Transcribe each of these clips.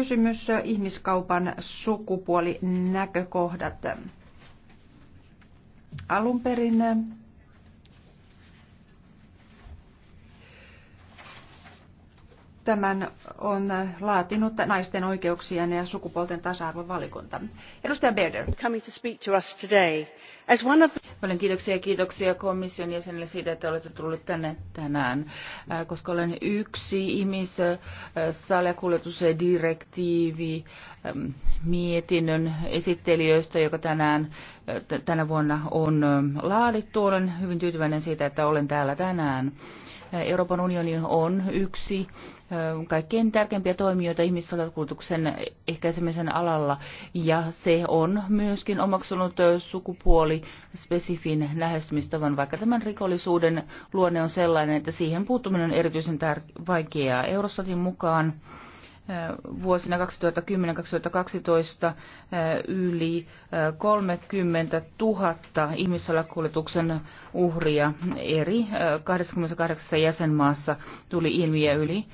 Kysymys äh, ihmiskaupan sukupuolinäkökohdat. Alun perin äh, Tämän on äh, laatinut naisten oikeuksien ja sukupuolten tasa-arvon valikunta. Edustaja Berder. Coming to speak to us today. As one of Paljon kiitoksia ja kiitoksia komission jäsenille siitä, että olette tulleet tänne tänään, äh, koska olen yksi ihmissalakuljetusdirektiivi äh, ähm, mietinnön esittelijöistä, joka tänään, äh, tänä vuonna on ähm, laadittu. Olen hyvin tyytyväinen siitä, että olen täällä tänään. Euroopan unioni on yksi kaikkein tärkeimpiä toimijoita ihmissalakuljetuksen ehkäisemisen alalla, ja se on myöskin omaksunut sukupuoli spesifin lähestymistavan, vaikka tämän rikollisuuden luonne on sellainen, että siihen puuttuminen on erityisen tär- vaikeaa. Eurostatin mukaan vuosina 2010-2012 eh, yli 30 eh, 000 ihmissalakuljetuksen uhria eri 28 eh, jäsenmaassa tuli ilmi ja yli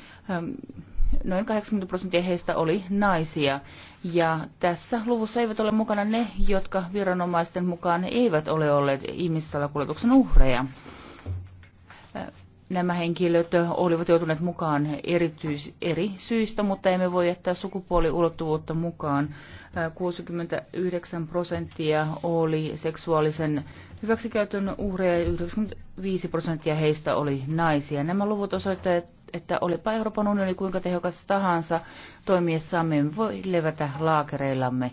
noin 80 prosenttia heistä oli naisia. Ja tässä luvussa eivät ole mukana ne, jotka viranomaisten mukaan eivät ole olleet ihmissalakuljetuksen uhreja nämä henkilöt olivat joutuneet mukaan erityis, eri syistä, mutta emme voi jättää sukupuoliulottuvuutta mukaan. 69 äh, prosenttia oli seksuaalisen hyväksikäytön uhreja ja 95 prosenttia heistä oli naisia. Nämä luvut osoittavat, että olipa Euroopan unioni kuinka tehokas tahansa me voi levätä laakereillamme.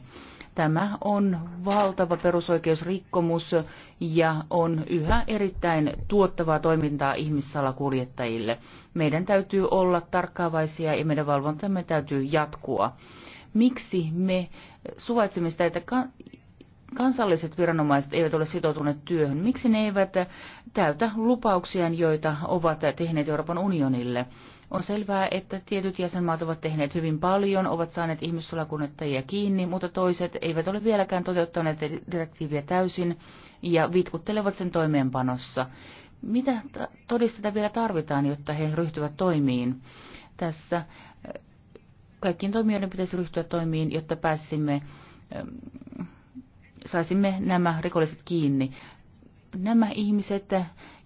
Tämä on valtava perusoikeusrikkomus ja on yhä erittäin tuottavaa toimintaa ihmissalakuljettajille. Meidän täytyy olla tarkkaavaisia ja meidän valvontamme täytyy jatkua. Miksi me suvaitsemme sitä, että kansalliset viranomaiset eivät ole sitoutuneet työhön? Miksi ne eivät täytä lupauksiaan, joita ovat tehneet Euroopan unionille? On selvää, että tietyt jäsenmaat ovat tehneet hyvin paljon, ovat saaneet ihmissulakuljettajia kiinni, mutta toiset eivät ole vieläkään toteuttaneet direktiiviä täysin ja vitkuttelevat sen toimeenpanossa. Mitä todisteita vielä tarvitaan, jotta he ryhtyvät toimiin? Tässä eh, kaikkiin toimijoiden pitäisi ryhtyä toimiin, jotta pääsimme, eh, saisimme nämä rikolliset kiinni. Nämä ihmiset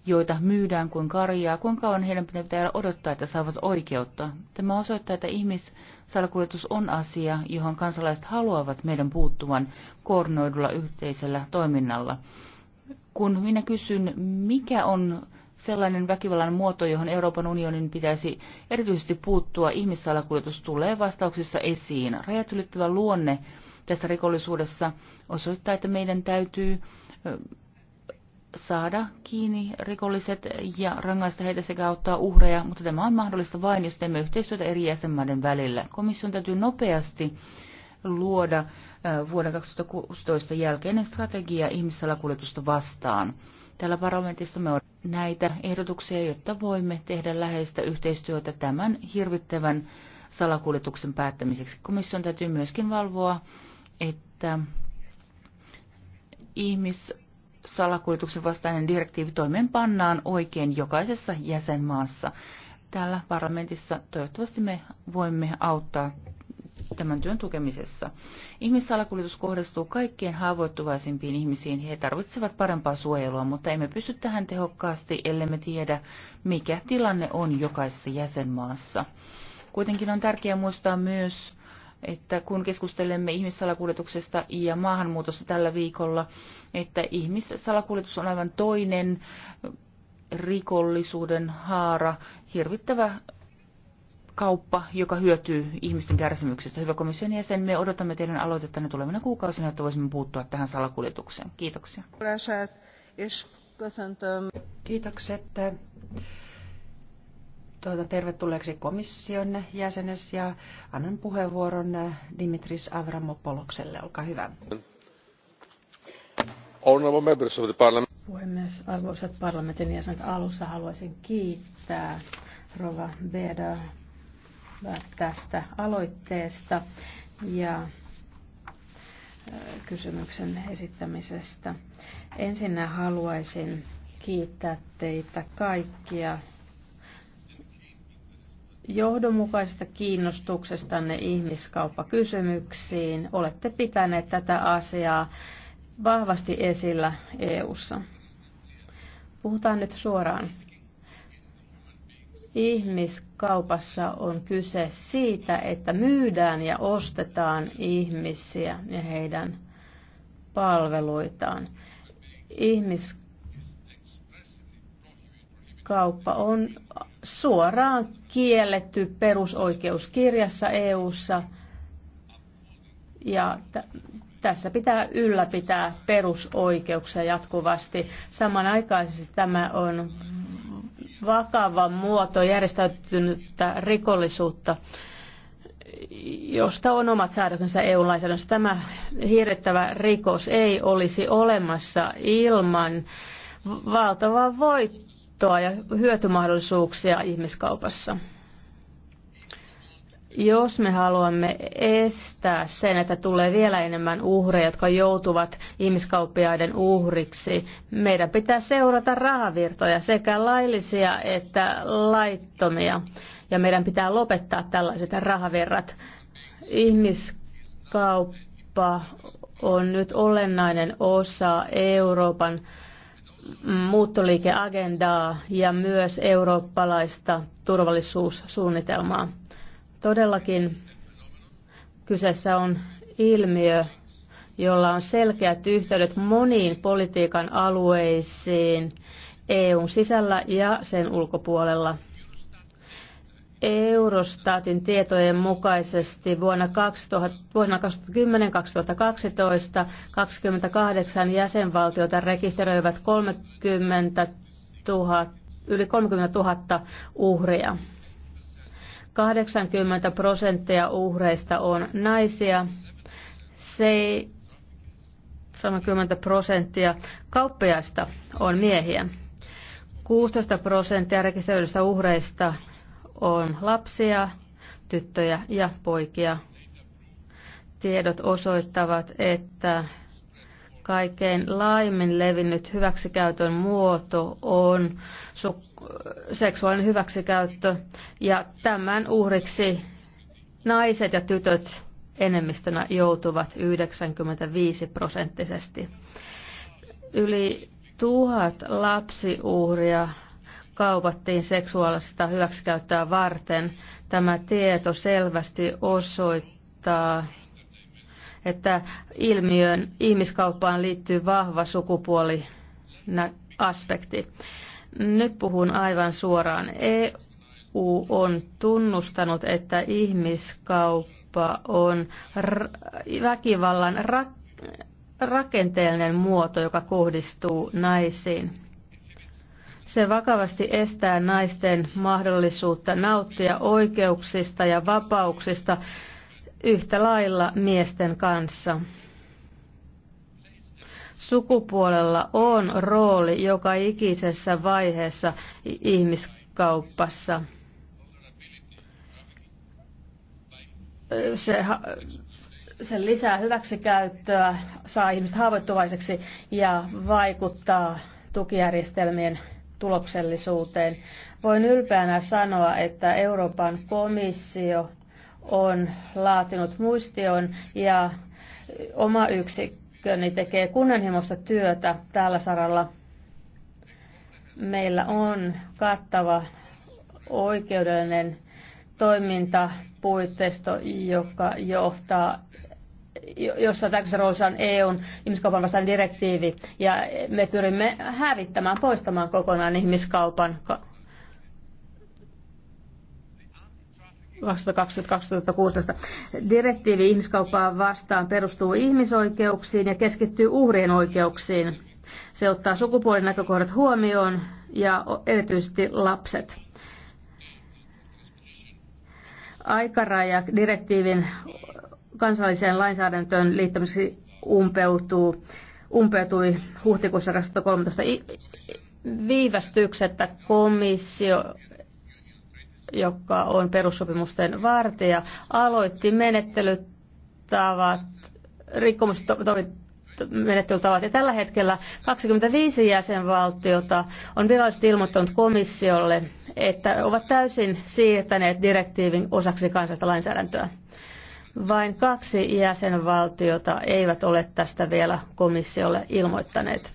joita myydään kuin karjaa, kuinka kauan heidän pitää, odottaa, että saavat oikeutta. Tämä osoittaa, että ihmissalakuljetus on asia, johon kansalaiset haluavat meidän puuttuvan koordinoidulla yhteisellä toiminnalla. Kun minä kysyn, mikä on sellainen väkivallan muoto, johon Euroopan unionin pitäisi erityisesti puuttua, ihmissalakuljetus tulee vastauksissa esiin. Rajat ylittävä luonne tässä rikollisuudessa osoittaa, että meidän täytyy saada kiinni rikolliset ja rangaista heitä sekä auttaa uhreja, mutta tämä on mahdollista vain, jos teemme yhteistyötä eri jäsenmaiden välillä. Komission täytyy nopeasti luoda vuoden 2016 jälkeinen strategia ihmissalakuljetusta vastaan. Tällä parlamentissa me on näitä ehdotuksia, jotta voimme tehdä läheistä yhteistyötä tämän hirvittävän salakuljetuksen päättämiseksi. Komission täytyy myöskin valvoa, että ihmis salakuljetuksen vastainen direktiivi toimeenpannaan oikein jokaisessa jäsenmaassa. Täällä parlamentissa toivottavasti me voimme auttaa tämän työn tukemisessa. Ihmissalakuljetus kohdistuu kaikkien haavoittuvaisimpiin ihmisiin. He tarvitsevat parempaa suojelua, mutta emme pysty tähän tehokkaasti, ellei me tiedä, mikä tilanne on jokaisessa jäsenmaassa. Kuitenkin on tärkeää muistaa myös että kun keskustelemme ihmissalakuljetuksesta ja maahanmuutosta tällä viikolla, että ihmissalakuljetus on aivan toinen rikollisuuden haara, hirvittävä kauppa, joka hyötyy ihmisten kärsimyksestä. Hyvä komission jäsen, me odotamme teidän ne tulevina kuukausina, että voisimme puuttua tähän salakuljetukseen. Kiitoksia. Kiitokset toivotan tervetulleeksi komission jäsenes ja annan puheenvuoron Dimitris Avramopolokselle. Olkaa hyvä. Puhemies, arvoisat parlamentin jäsenet, alussa haluaisin kiittää Rova Beda tästä aloitteesta ja äh, kysymyksen esittämisestä. Ensinnä haluaisin kiittää teitä kaikkia johdonmukaisesta kiinnostuksestanne ihmiskauppakysymyksiin. Olette pitäneet tätä asiaa vahvasti esillä EU:ssa. Puhutaan nyt suoraan. Ihmiskaupassa on kyse siitä, että myydään ja ostetaan ihmisiä ja heidän palveluitaan. Ihmiskaupassa kauppa on suoraan kielletty perusoikeuskirjassa EU:ssa ja tässä pitää ylläpitää perusoikeuksia jatkuvasti. Samanaikaisesti tämä on vakava muoto järjestäytynyttä rikollisuutta, josta on omat säädöksensä EU-lainsäädännössä. Tämä hirrettävä rikos ei olisi olemassa ilman valtavaa voittoa voittoa ja hyötymahdollisuuksia ihmiskaupassa. Jos me haluamme estää sen, että tulee vielä enemmän uhreja, jotka joutuvat ihmiskauppiaiden uhriksi, meidän pitää seurata rahavirtoja sekä laillisia että laittomia. Ja meidän pitää lopettaa tällaiset rahavirrat. Ihmiskauppa on nyt olennainen osa Euroopan muuttoliikeagendaa ja myös eurooppalaista turvallisuussuunnitelmaa. Todellakin kyseessä on ilmiö, jolla on selkeät yhteydet moniin politiikan alueisiin EUn sisällä ja sen ulkopuolella. Eurostatin tietojen mukaisesti vuonna 2000, vuonna 2010-2012 28 jäsenvaltiota rekisteröivät 30 000, yli 30 000 uhria. 80 prosenttia uhreista on naisia, 30 prosenttia kauppiaista on miehiä. 16 prosenttia rekisteröidyistä uhreista on lapsia, tyttöjä ja poikia. Tiedot osoittavat, että kaikkein laimin levinnyt hyväksikäytön muoto on seksuaalinen hyväksikäyttö ja tämän uhriksi naiset ja tytöt enemmistönä joutuvat 95 prosenttisesti. Yli tuhat lapsiuhria kaupattiin seksuaalista hyväksikäyttöä varten. Tämä tieto selvästi osoittaa, että ilmiön ihmiskauppaan liittyy vahva sukupuoliaspekti. Nyt puhun aivan suoraan. EU on tunnustanut, että ihmiskauppa on väkivallan ra- rakenteellinen muoto, joka kohdistuu naisiin se vakavasti estää naisten mahdollisuutta nauttia oikeuksista ja vapauksista yhtä lailla miesten kanssa. Sukupuolella on rooli joka ikisessä vaiheessa ihmiskauppassa. Se, se lisää hyväksikäyttöä, saa ihmiset haavoittuvaiseksi ja vaikuttaa tukijärjestelmien tuloksellisuuteen. Voin ylpeänä sanoa, että Euroopan komissio on laatinut muistion ja oma yksikköni tekee kunnanhimoista työtä tällä saralla. Meillä on kattava oikeudellinen toimintapuitteisto, joka johtaa jossa tässä roolissa on EUn ihmiskaupan vastainen direktiivi, ja me pyrimme hävittämään, poistamaan kokonaan ihmiskaupan 2016. Direktiivi ihmiskauppaa vastaan perustuu ihmisoikeuksiin ja keskittyy uhrien oikeuksiin. Se ottaa sukupuolen näkökohdat huomioon ja erityisesti lapset. Aikaraja direktiivin kansalliseen lainsäädäntöön liittämiseksi umpeutuu, umpeutui huhtikuussa 2013 viivästyksettä komissio joka on perussopimusten vartija, aloitti menettelytavat, rikkomusmenettelytavat. Ja tällä hetkellä 25 jäsenvaltiota on virallisesti ilmoittanut komissiolle, että ovat täysin siirtäneet direktiivin osaksi kansallista lainsäädäntöä. Vain kaksi jäsenvaltiota eivät ole tästä vielä komissiolle ilmoittaneet.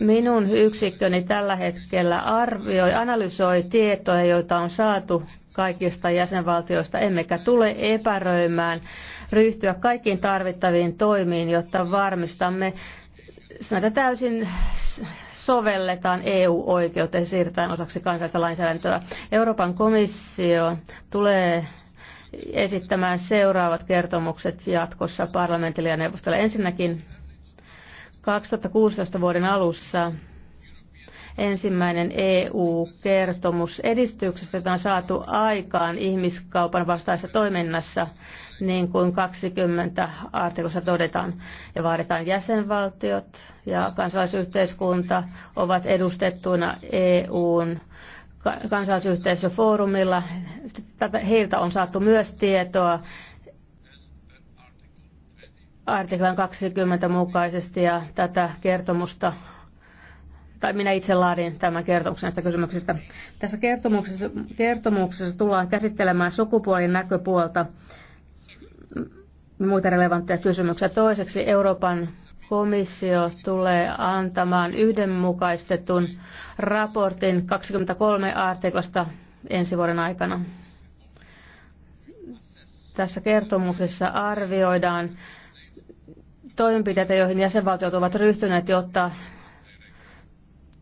Minun yksikköni tällä hetkellä arvioi, analysoi tietoja, joita on saatu kaikista jäsenvaltioista, emmekä tule epäröimään ryhtyä kaikkiin tarvittaviin toimiin, jotta varmistamme, että täysin sovelletaan EU-oikeuteen, siirtään osaksi kansallista lainsäädäntöä. Euroopan komissio tulee esittämään seuraavat kertomukset jatkossa parlamentille ja neuvostolle. Ensinnäkin 2016 vuoden alussa ensimmäinen EU-kertomus edistyksestä, jota on saatu aikaan ihmiskaupan vastaisessa toiminnassa, niin kuin 20 artikossa todetaan ja vaaditaan jäsenvaltiot ja kansalaisyhteiskunta ovat edustettuina EUn kansalaisyhteisöfoorumilla. Heiltä on saatu myös tietoa artiklan 20 mukaisesti ja tätä kertomusta tai minä itse laadin tämän kertomuksen näistä kysymyksistä. Tässä kertomuksessa, kertomuksessa tullaan käsittelemään sukupuolin näköpuolta muita relevantteja kysymyksiä. Toiseksi Euroopan komissio tulee antamaan yhdenmukaistetun raportin 23 artiklasta ensi vuoden aikana. Tässä kertomuksessa arvioidaan toimenpiteitä, joihin jäsenvaltiot ovat ryhtyneet, jotta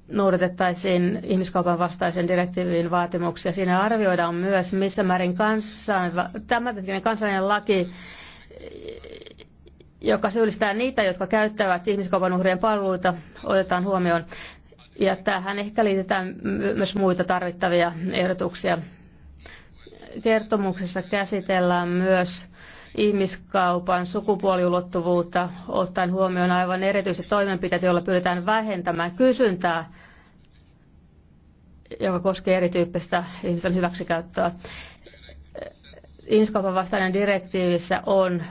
noudatettaisiin ihmiskaupan vastaisen direktiivin vaatimuksia. Siinä arvioidaan myös, missä määrin kansan, tämänhetkinen kansallinen laki joka syyllistää niitä, jotka käyttävät ihmiskaupan uhrien palveluita, otetaan huomioon. Ja tähän ehkä liitetään myös muita tarvittavia ehdotuksia. Kertomuksessa käsitellään myös ihmiskaupan sukupuoliulottuvuutta, ottaen huomioon aivan erityiset toimenpiteet, joilla pyritään vähentämään kysyntää, joka koskee erityyppistä ihmisten hyväksikäyttöä. Ihmiskaupan vastainen direktiivissä on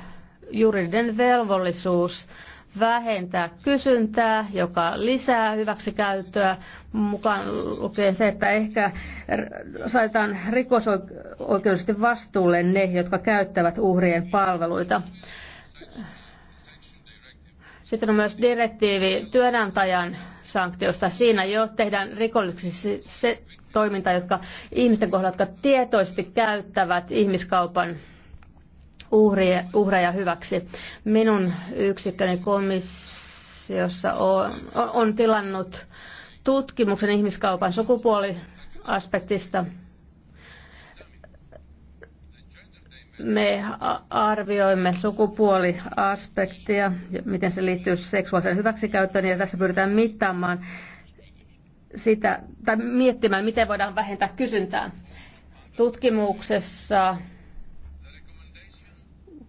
juridinen velvollisuus vähentää kysyntää, joka lisää hyväksikäyttöä. Mukaan lukee se, että ehkä saitaan rikosoikeudellisesti vastuulle ne, jotka käyttävät uhrien palveluita. Sitten on myös direktiivi työnantajan sanktiosta. Siinä jo tehdään rikolliseksi se toiminta, jotka ihmisten kohdalla, jotka tietoisesti käyttävät ihmiskaupan uhreja, uhreja hyväksi. Minun yksikköni komissiossa on, on, on tilannut tutkimuksen ihmiskaupan sukupuoliaspektista. Me arvioimme sukupuoliaspektia, miten se liittyy seksuaaliseen hyväksikäyttöön, ja tässä pyritään mittaamaan sitä, tai miettimään, miten voidaan vähentää kysyntää. Tutkimuksessa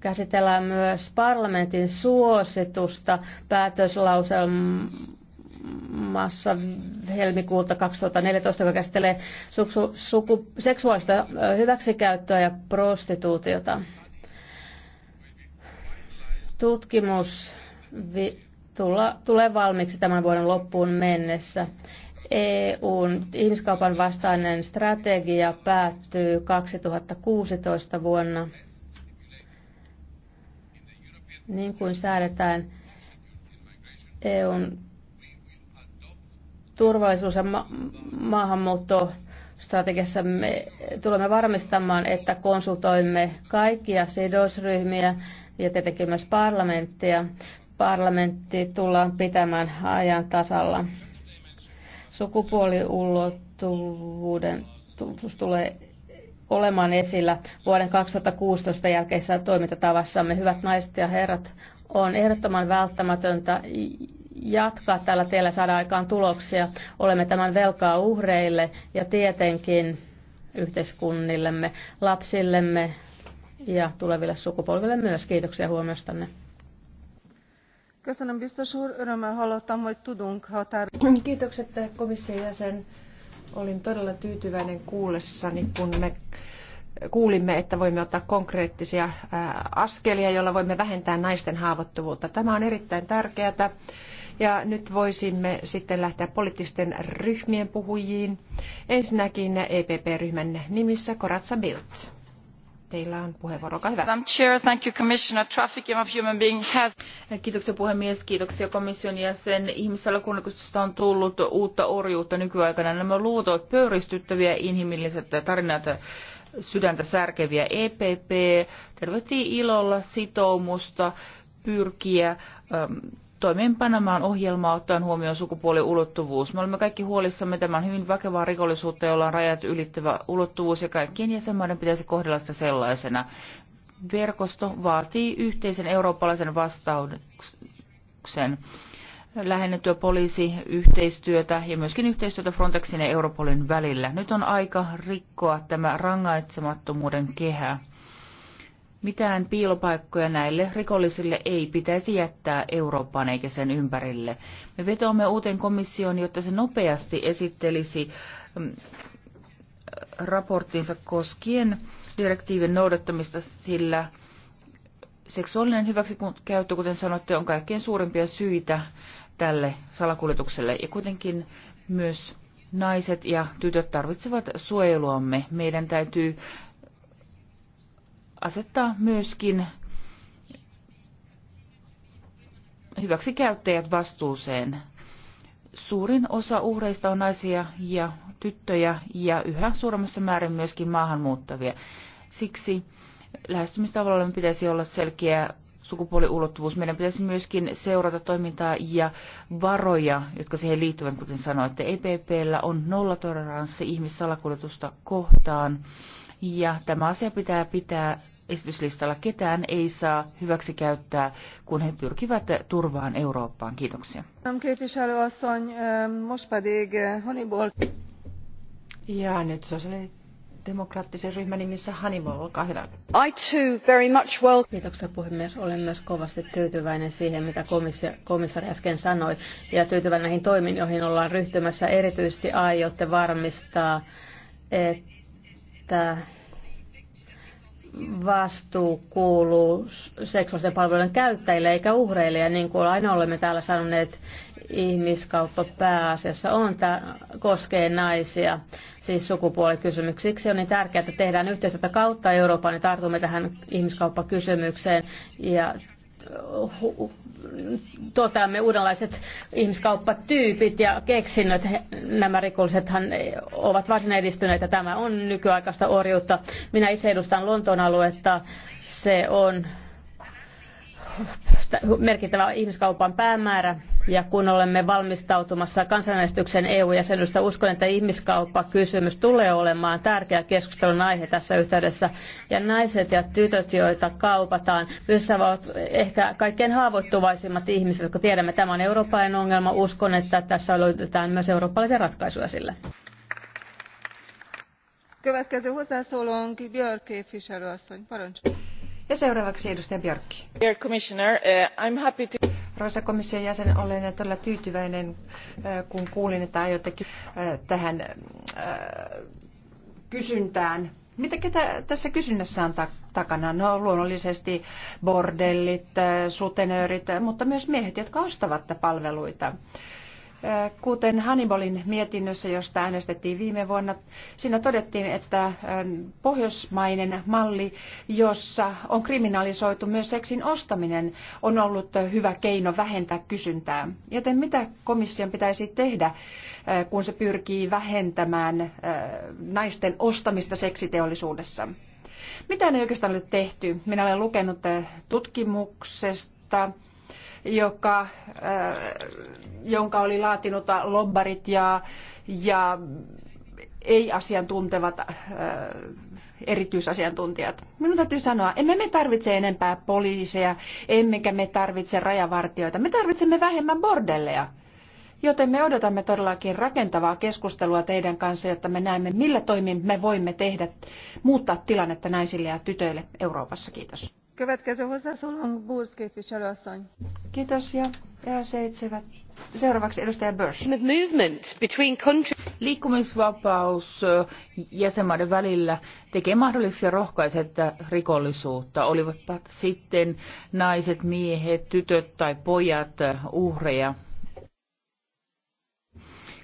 Käsitellään myös parlamentin suositusta päätöslauselmassa helmikuulta 2014, joka käsittelee suksu, suku, seksuaalista hyväksikäyttöä ja prostituutiota. Tutkimus vi, tulla, tulee valmiiksi tämän vuoden loppuun mennessä. EUn ihmiskaupan vastainen strategia päättyy 2016 vuonna. Niin kuin säädetään EUn turvallisuus- ja ma- maahanmuuttostrategiassa me tulemme varmistamaan, että konsultoimme kaikkia sidosryhmiä ja tietenkin myös parlamenttia. Parlamentti tullaan pitämään ajan tasalla. Sukupuoliulottuvuuden tulee olemaan esillä vuoden 2016 jälkeisessä toimintatavassamme. Hyvät naiset ja herrat, on ehdottoman välttämätöntä jatkaa tällä tiellä saada aikaan tuloksia. Olemme tämän velkaa uhreille ja tietenkin yhteiskunnillemme, lapsillemme ja tuleville sukupolville myös. Kiitoksia huomiostanne. Köszönöm, biztos úr. Örömmel hallottam, hogy tudunk határ... Kiitokset komission jäsen. Olin todella tyytyväinen kuullessani, kun me kuulimme, että voimme ottaa konkreettisia askelia, joilla voimme vähentää naisten haavoittuvuutta. Tämä on erittäin tärkeää. Ja nyt voisimme sitten lähteä poliittisten ryhmien puhujiin. Ensinnäkin EPP-ryhmän nimissä Koratsa Bildt. Teillä on puheenvuoro, olkaa hyvä. Chair, thank you, Commissioner. Trafficking of human being has... Kiitoksia puhemies, kiitoksia komission jäsen. Ihmissalakuljetuksesta on tullut uutta orjuutta nykyaikana. Nämä luvut ovat pöyristyttäviä inhimilliset tarinat sydäntä särkeviä EPP tervehtii ilolla sitoumusta pyrkiä ähm, toimeenpanemaan ohjelmaa ottaen huomioon sukupuoliulottuvuus. Me olemme kaikki huolissamme tämän hyvin väkevää rikollisuutta, jolla on rajat ylittävä ulottuvuus ja kaikkien jäsenmaiden pitäisi kohdella sitä sellaisena. Verkosto vaatii yhteisen eurooppalaisen vastauksen lähennettyä poliisiyhteistyötä ja myöskin yhteistyötä Frontexin ja Europolin välillä. Nyt on aika rikkoa tämä rangaitsemattomuuden kehä. Mitään piilopaikkoja näille rikollisille ei pitäisi jättää Eurooppaan eikä sen ympärille. Me vetoamme uuteen komissioon, jotta se nopeasti esittelisi mm, raporttinsa koskien direktiivin noudattamista, sillä seksuaalinen hyväksikäyttö, kuten sanoitte, on kaikkein suurimpia syitä tälle salakuljetukselle. Ja kuitenkin myös naiset ja tytöt tarvitsevat suojeluamme. Meidän täytyy asettaa myöskin hyväksi käyttäjät vastuuseen. Suurin osa uhreista on naisia ja tyttöjä ja yhä suuremmassa määrin myöskin maahanmuuttavia. Siksi lähestymistavalla pitäisi olla selkeä sukupuoliulottuvuus. Meidän pitäisi myöskin seurata toimintaa ja varoja, jotka siihen liittyvät, kuten sanoin, että EPPllä on nollatoleranssi ihmissalakuljetusta kohtaan. Ja tämä asia pitää pitää esityslistalla ketään ei saa hyväksi käyttää, kun he pyrkivät turvaan Eurooppaan. Kiitoksia. Ja nyt sosiaalidemokraattisen ryhmän nimissä Hannibal, olkaa hyvä. I too very much well... Kiitoksia puhemies. Olen myös kovasti tyytyväinen siihen, mitä komissari äsken sanoi, ja tyytyväinen näihin toimiin, joihin ollaan ryhtymässä. Erityisesti aiotte varmistaa, että vastuu kuuluu seksuaalisten palveluiden käyttäjille eikä uhreille. Ja niin kuin aina olemme täällä sanoneet, ihmiskauppa pääasiassa on, tämä koskee naisia, siis sukupuolikysymyksiä. Siksi on niin tärkeää, että tehdään yhteistyötä kautta Euroopan ja tartumme tähän ihmiskauppakysymykseen ja toteamme uudenlaiset ihmiskauppatyypit ja keksinnöt. Nämä rikollisethan ovat varsin edistyneitä. Tämä on nykyaikaista orjuutta. Minä itse edustan Lontoon aluetta. Se on merkittävä ihmiskaupan päämäärä ja kun olemme valmistautumassa kansanäänestyksen EU-jäsenyydestä, uskon, että ihmiskauppakysymys tulee olemaan tärkeä keskustelun aihe tässä yhteydessä. Ja naiset ja tytöt, joita kaupataan, yhdessä ovat ehkä kaikkein haavoittuvaisimmat ihmiset, koska tiedämme, tämä on eurooppalainen ongelma. Uskon, että tässä löydetään myös eurooppalaisia ratkaisuja sille. Következő on Björk képviselő asszony, parancsoljon. Ja seuraavaksi edustaja Björkki. Eh, Arvoisa komission jäsen, olen todella tyytyväinen, eh, kun kuulin, että aiotte eh, tähän kysyntään mitä ketä tässä kysynnässä on takana? No luonnollisesti bordellit, sutenöörit, mutta myös miehet, jotka ostavat palveluita. Kuten Hannibalin mietinnössä, josta äänestettiin viime vuonna, siinä todettiin, että pohjoismainen malli, jossa on kriminalisoitu myös seksin ostaminen, on ollut hyvä keino vähentää kysyntää. Joten mitä komission pitäisi tehdä, kun se pyrkii vähentämään naisten ostamista seksiteollisuudessa? Mitä ei oikeastaan ole tehty? Minä olen lukenut tutkimuksesta, joka, äh, jonka oli laatinut lobbarit ja, ja ei-asiantuntevat äh, erityisasiantuntijat. Minun täytyy sanoa, emme me tarvitse enempää poliiseja, emmekä me tarvitse rajavartioita. Me tarvitsemme vähemmän bordelleja. Joten me odotamme todellakin rakentavaa keskustelua teidän kanssa, jotta me näemme, millä toimin me voimme tehdä, muuttaa tilannetta naisille ja tytöille Euroopassa. Kiitos. Következő Movement between Liikkumisvapaus eh, jäsenmaiden välillä tekee mahdolliseksi rohkaisee eh, rikollisuutta, olivatpa sitten naiset, miehet, tytöt tai pojat eh, uhreja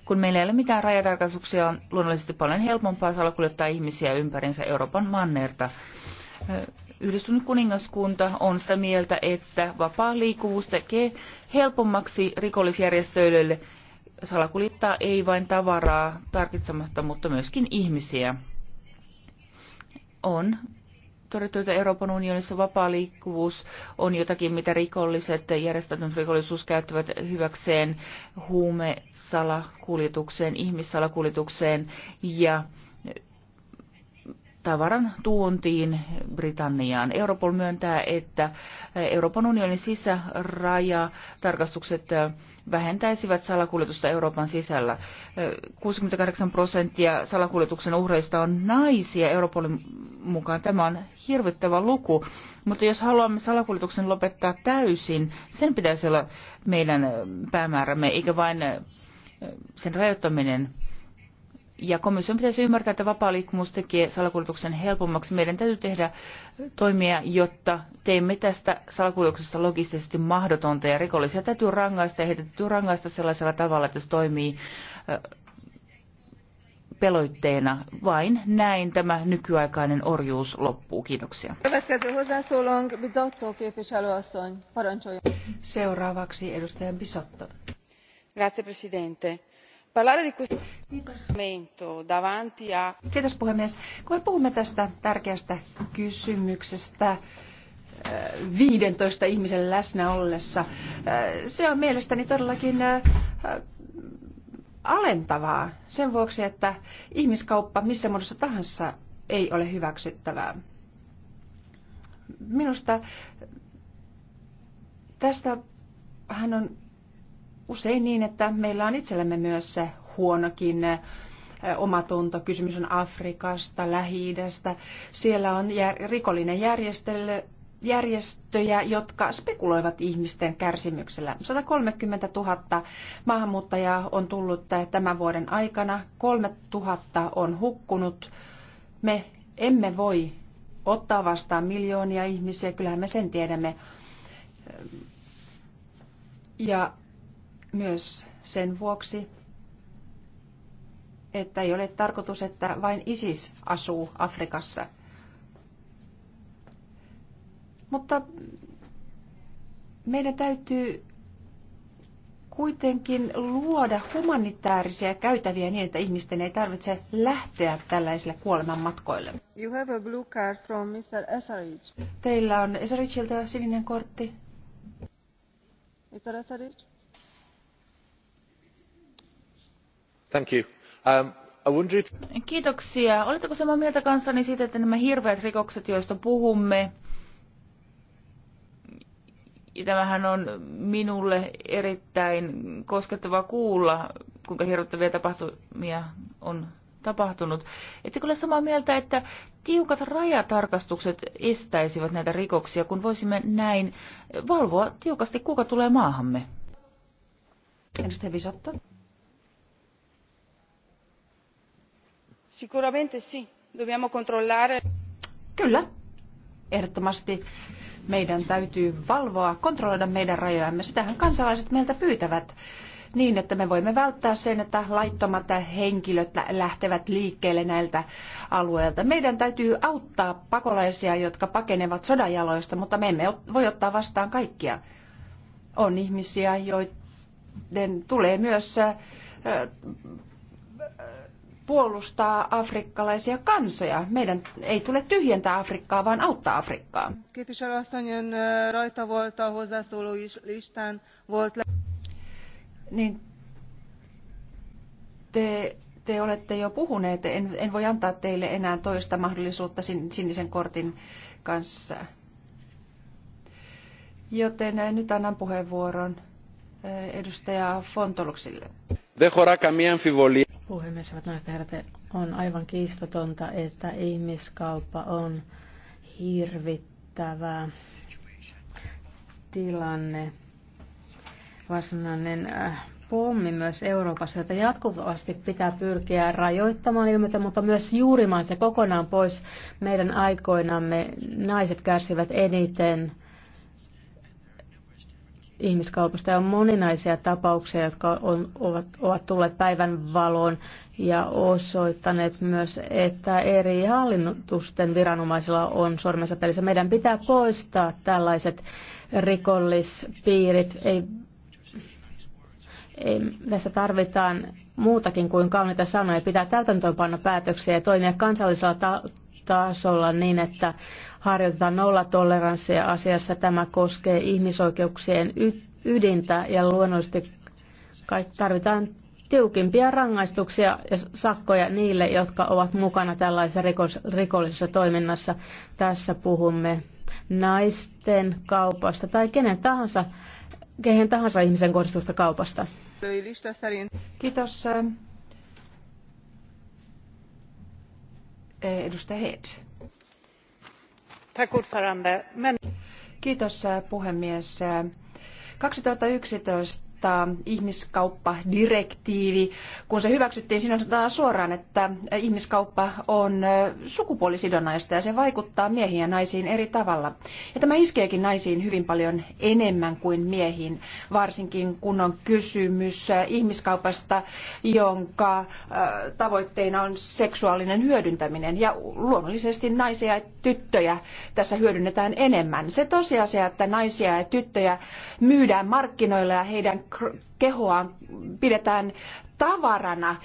kun meillä ei ole mitään rajatarkastuksia, on luonnollisesti paljon helpompaa salakuljettaa ihmisiä ympärinsä Euroopan mannerta yhdistynyt kuningaskunta on sitä mieltä, että vapaa liikkuvuus tekee helpommaksi rikollisjärjestöille salakuljettaa ei vain tavaraa tarkitsematta, mutta myöskin ihmisiä. On todettu, että Euroopan unionissa vapaa liikkuvuus on jotakin, mitä rikolliset, järjestäytynyt rikollisuus käyttävät hyväkseen huumesalakuljetukseen, ihmissalakuljetukseen ja tavaran tuontiin Britanniaan. Europol myöntää, että Euroopan unionin sisäraja tarkastukset vähentäisivät salakuljetusta Euroopan sisällä. 68 prosenttia salakuljetuksen uhreista on naisia Europolin mukaan. Tämä on hirvittävä luku, mutta jos haluamme salakuljetuksen lopettaa täysin, sen pitäisi olla meidän päämäärämme, eikä vain sen rajoittaminen ja komission pitäisi ymmärtää, että vapaa liikkumus tekee salakuljetuksen helpommaksi. Meidän täytyy tehdä toimia, jotta teemme tästä salakuljetuksesta logistisesti mahdotonta ja rikollisia täytyy rangaista ja heitä täytyy rangaista sellaisella tavalla, että se toimii peloitteena. Vain näin tämä nykyaikainen orjuus loppuu. Kiitoksia. Seuraavaksi edustaja Bisotto. Grazie Presidente Kiitos puhemies. Kun me puhumme tästä tärkeästä kysymyksestä 15 äh, ihmisen läsnä ollessa, äh, se on mielestäni todellakin äh, alentavaa sen vuoksi, että ihmiskauppa missä muodossa tahansa ei ole hyväksyttävää. Minusta tästä hän on usein niin, että meillä on itsellemme myös se huonokin omatunto. Kysymys on Afrikasta, lähi -idästä. Siellä on jär, rikollinen järjestely, järjestöjä, jotka spekuloivat ihmisten kärsimyksellä. 130 000 maahanmuuttajaa on tullut tämän vuoden aikana, 3 000 on hukkunut. Me emme voi ottaa vastaan miljoonia ihmisiä, kyllähän me sen tiedämme. Ja myös sen vuoksi, että ei ole tarkoitus, että vain ISIS asuu Afrikassa. Mutta meidän täytyy kuitenkin luoda humanitaarisia käytäviä niin, että ihmisten ei tarvitse lähteä tällaisille kuolemanmatkoille. You have a blue card from Mr. Teillä on Eserichiltä sininen kortti. Mr. Esarich? Um, oletteko samaa mieltä kanssani siitä että nämä hirveät rikokset joista puhumme ja tämähän on minulle erittäin koskettavaa kuulla kuinka hirvittäviä tapahtumia on tapahtunut. Ettekö ole samaa mieltä, että tiukat rajatarkastukset estäisivät näitä rikoksia, kun voisimme näin valvoa tiukasti, kuka tulee maahamme? Edustaja Visotta. Sicuramente sì. Dobbiamo controllare. Kyllä. Ehdottomasti meidän täytyy valvoa, kontrolloida meidän rajojamme. Sitähän kansalaiset meiltä pyytävät niin, että me voimme välttää sen, että laittomat henkilöt lähtevät liikkeelle näiltä alueilta. Meidän täytyy auttaa pakolaisia, jotka pakenevat sodanjaloista, mutta me emme voi ottaa vastaan kaikkia. On ihmisiä, joiden tulee myös puolustaa afrikkalaisia kansoja. Meidän ei tule tyhjentää Afrikkaa, vaan auttaa Afrikkaa. Niin te, te olette jo puhuneet. En, en voi antaa teille enää toista mahdollisuutta sin, sinisen kortin kanssa. Joten nyt annan puheenvuoron edustaja Fontoluksille. Δεν χωρά καμία αμφιβολία Puhemies, hyvät naiset herrat, on aivan kiistatonta, että ihmiskauppa on hirvittävä tilanne. Varsinainen äh, pommi myös Euroopassa, jota jatkuvasti pitää pyrkiä rajoittamaan ilmiötä, mutta myös juurimaan se kokonaan pois. Meidän aikoinamme naiset kärsivät eniten ihmiskaupasta. Ja on moninaisia tapauksia, jotka on, ovat, ovat tulleet päivän valoon ja osoittaneet myös, että eri hallinnutusten viranomaisilla on sormensa pelissä. Meidän pitää poistaa tällaiset rikollispiirit. Ei, ei, tässä tarvitaan muutakin kuin kauniita sanoja. Pitää täytäntöönpanna päätöksiä ja toimia kansallisella ta- tasolla niin, että harjoitetaan nollatoleranssia asiassa. Tämä koskee ihmisoikeuksien ydintä ja luonnollisesti tarvitaan tiukimpia rangaistuksia ja sakkoja niille, jotka ovat mukana tällaisessa rikos, rikollisessa toiminnassa. Tässä puhumme naisten kaupasta tai kenen tahansa, kehen tahansa ihmisen kohdistusta kaupasta. Kiitos. Edustaja Head. Kiitos eh, puhemies. 2011 eh, tota, ihmiskauppadirektiivi, kun se hyväksyttiin, siinä sanotaan suoraan, että ihmiskauppa on sukupuolisidonnaista ja se vaikuttaa miehiin ja naisiin eri tavalla. Ja tämä iskeekin naisiin hyvin paljon enemmän kuin miehiin, varsinkin kun on kysymys ihmiskaupasta, jonka tavoitteena on seksuaalinen hyödyntäminen. Ja luonnollisesti naisia ja tyttöjä tässä hyödynnetään enemmän. Se tosiasia, että naisia ja tyttöjä myydään markkinoilla ja heidän kehoaan pidetään tavarana.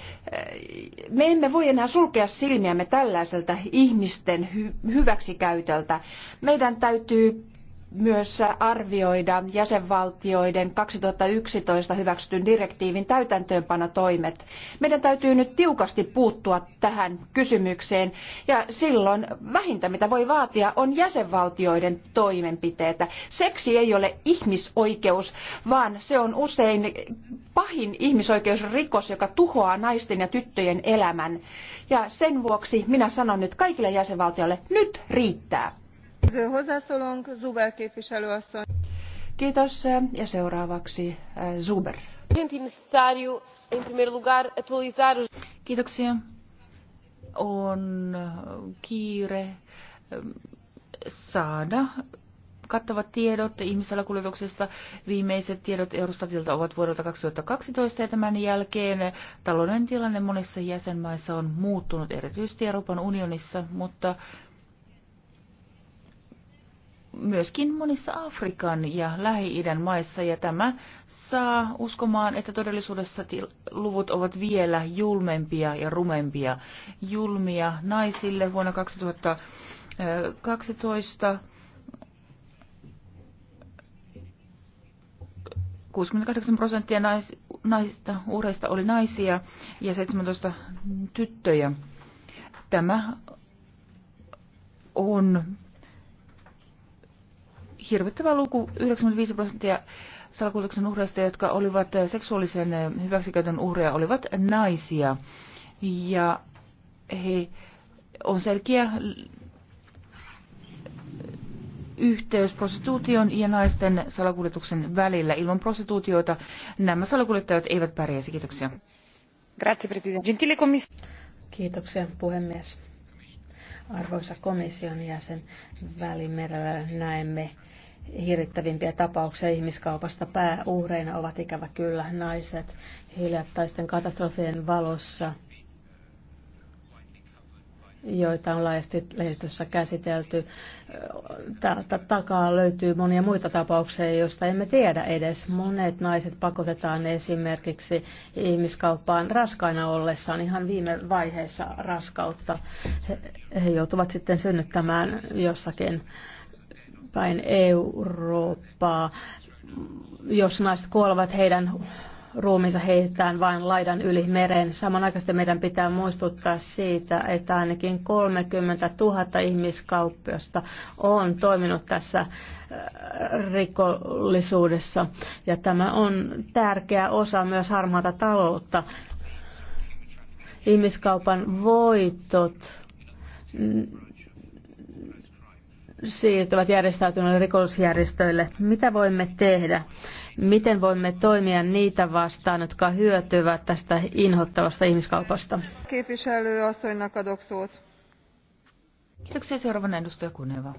Me emme voi enää sulkea silmiämme tällaiselta ihmisten hyväksikäytöltä. Meidän täytyy myös arvioida jäsenvaltioiden 2011 hyväksytyn direktiivin täytäntöönpanotoimet. Meidän täytyy nyt tiukasti puuttua tähän kysymykseen ja silloin vähintä mitä voi vaatia on jäsenvaltioiden toimenpiteitä. Seksi ei ole ihmisoikeus, vaan se on usein pahin ihmisoikeusrikos, joka tuhoaa naisten ja tyttöjen elämän. Ja sen vuoksi minä sanon nyt kaikille jäsenvaltioille, nyt riittää Zuber ja seuraavaksi eh, Zuber. Kiitoksia. On eh, kiire eh, saada kattavat tiedot ihmissalakuljetuksesta. Viimeiset tiedot Eurostatilta ovat vuodelta 2012 ja tämän jälkeen talouden tilanne monissa jäsenmaissa on muuttunut, erityisesti Euroopan unionissa, mutta myöskin monissa Afrikan ja Lähi-idän maissa, ja tämä saa uskomaan, että todellisuudessa luvut ovat vielä julmempia ja rumempia. Julmia naisille vuonna 2012 68 eh, prosenttia nais, naisista uhreista oli naisia ja 17 tyttöjä. Tämä on hirvittävä luku, 95 prosenttia salakuljetuksen uhreista, jotka olivat eh, seksuaalisen eh, hyväksikäytön uhreja, olivat naisia. Ja he on selkeä yhteys prostituution ja naisten salakuljetuksen välillä. Ilman prostituutioita nämä salakuljettajat eivät pärjäisi. Kiitoksia. Kiitoksia, puhemies. Arvoisa komission jäsen, välimerellä näemme hirvittävimpiä tapauksia ihmiskaupasta pääuhreina ovat ikävä kyllä naiset hiljattaisten katastrofien valossa, joita on laajasti lehdistössä käsitelty. Täältä takaa löytyy monia muita tapauksia, joista emme tiedä edes. Monet naiset pakotetaan esimerkiksi ihmiskauppaan raskaina ollessaan ihan viime vaiheessa raskautta. He joutuvat sitten synnyttämään jossakin päin Eurooppaa. Jos naiset kuolevat, heidän ruumiinsa heitetään vain laidan yli meren. Samanaikaisesti meidän pitää muistuttaa siitä, että ainakin 30 000 ihmiskauppiosta on toiminut tässä äh, rikollisuudessa. Ja tämä on tärkeä osa myös harmaata taloutta. Ihmiskaupan voitot siirtyvät järjestäytyneille rikollisjärjestöille. Mitä voimme tehdä? Miten voimme toimia niitä vastaan, jotka hyötyvät tästä inhottavasta ihmiskaupasta? Kiitoksia. Seuraavana edustaja Kuneva.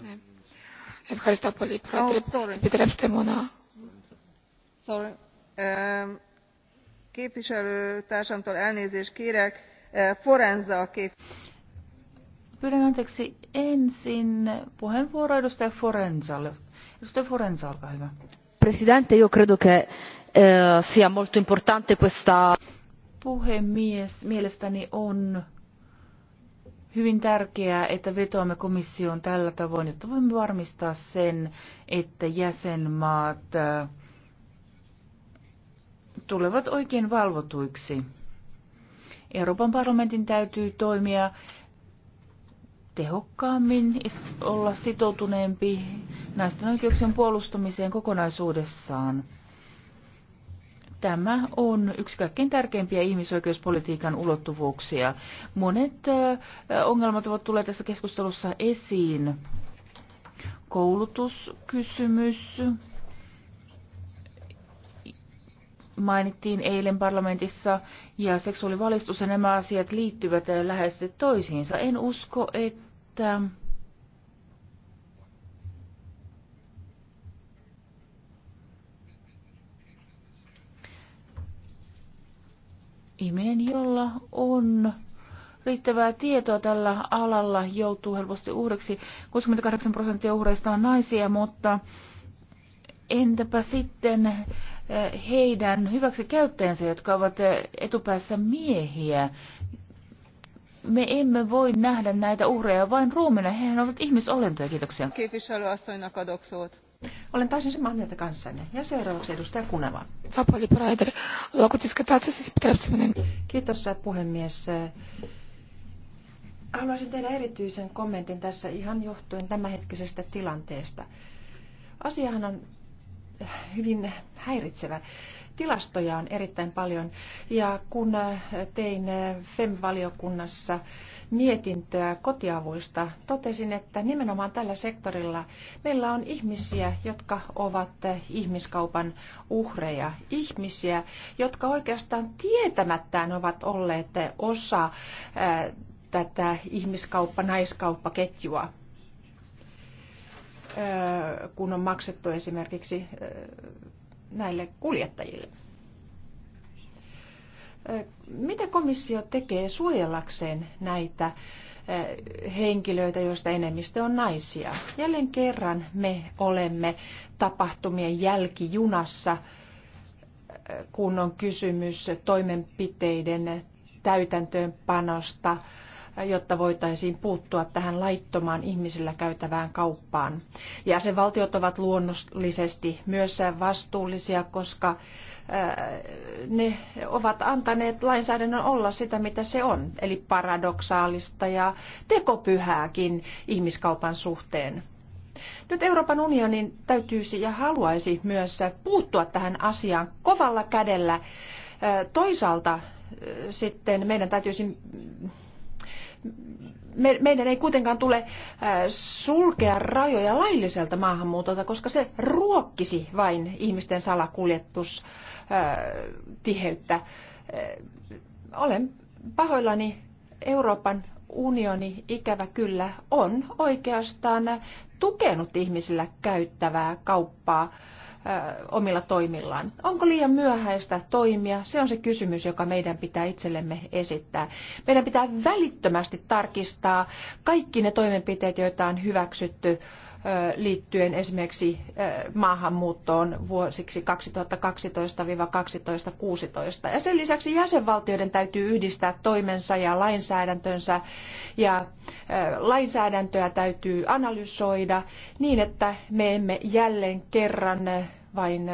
Oh, sorry. Képviselőtársamtól elnézést kérek. Forenza kép... Pyydän anteeksi ensin puheenvuoro edustaja Forenzalle. Edustaja Forenza, olkaa hyvä. Presidente, io credo che eh, sia molto importante questa... Puhemies, mielestäni on hyvin tärkeää, että vetoamme komissioon tällä tavoin, jotta voimme varmistaa sen, että jäsenmaat eh, tulevat oikein valvotuiksi. Euroopan parlamentin täytyy toimia tehokkaammin olla sitoutuneempi naisten oikeuksien puolustamiseen kokonaisuudessaan. Tämä on yksi kaikkein tärkeimpiä ihmisoikeuspolitiikan ulottuvuuksia. Monet ongelmat ovat tulleet tässä keskustelussa esiin. Koulutuskysymys, mainittiin eilen parlamentissa, ja seksuaalivalistus ja nämä asiat liittyvät eh, lähes toisiinsa. En usko, että ihminen, jolla on riittävää tietoa tällä alalla, joutuu helposti uhreksi. 68 prosenttia uhreista on naisia, mutta entäpä sitten heidän hyväksi käyttäjänsä, jotka ovat eh, etupäässä miehiä. Me emme voi nähdä näitä uhreja vain ruumina. Hehän ovat ihmisolentoja. Kiitoksia. Olen täysin samaa mieltä kanssanne. Ja seuraavaksi edustaja Kunava. Kiitos eh, puhemies. Eh, haluaisin tehdä erityisen kommentin tässä ihan johtuen tämänhetkisestä tilanteesta. Asiahan on hyvin häiritsevä. Tilastoja on erittäin paljon ja kun äh, tein äh, FEM-valiokunnassa mietintöä kotiavuista, totesin, että nimenomaan tällä sektorilla meillä on ihmisiä, jotka ovat äh, ihmiskaupan uhreja. Ihmisiä, jotka oikeastaan tietämättään ovat olleet osa tätä ihmiskauppa-naiskauppaketjua kun on maksettu esimerkiksi näille kuljettajille. Mitä komissio tekee suojellakseen näitä henkilöitä, joista enemmistö on naisia? Jälleen kerran me olemme tapahtumien jälkijunassa, kun on kysymys toimenpiteiden täytäntöönpanosta, panosta jotta voitaisiin puuttua tähän laittomaan ihmisillä käytävään kauppaan. Jäsenvaltiot ovat luonnollisesti myös vastuullisia, koska äh, ne ovat antaneet lainsäädännön olla sitä, mitä se on, eli paradoksaalista ja tekopyhääkin ihmiskaupan suhteen. Nyt Euroopan unionin täytyisi ja haluaisi myös puuttua tähän asiaan kovalla kädellä. Äh, toisaalta äh, sitten meidän täytyisi meidän ei kuitenkaan tule äh, sulkea rajoja lailliselta maahanmuutolta, koska se ruokkisi vain ihmisten salakuljetustiheyttä. Äh, äh, olen pahoillani Euroopan unioni ikävä kyllä on oikeastaan tukenut ihmisillä käyttävää kauppaa omilla toimillaan. Onko liian myöhäistä toimia? Se on se kysymys, joka meidän pitää itsellemme esittää. Meidän pitää välittömästi tarkistaa kaikki ne toimenpiteet, joita on hyväksytty liittyen esimerkiksi maahanmuuttoon vuosiksi 2012-2016. Ja sen lisäksi jäsenvaltioiden täytyy yhdistää toimensa ja lainsäädäntönsä ja lainsäädäntöä täytyy analysoida niin, että me emme jälleen kerran vain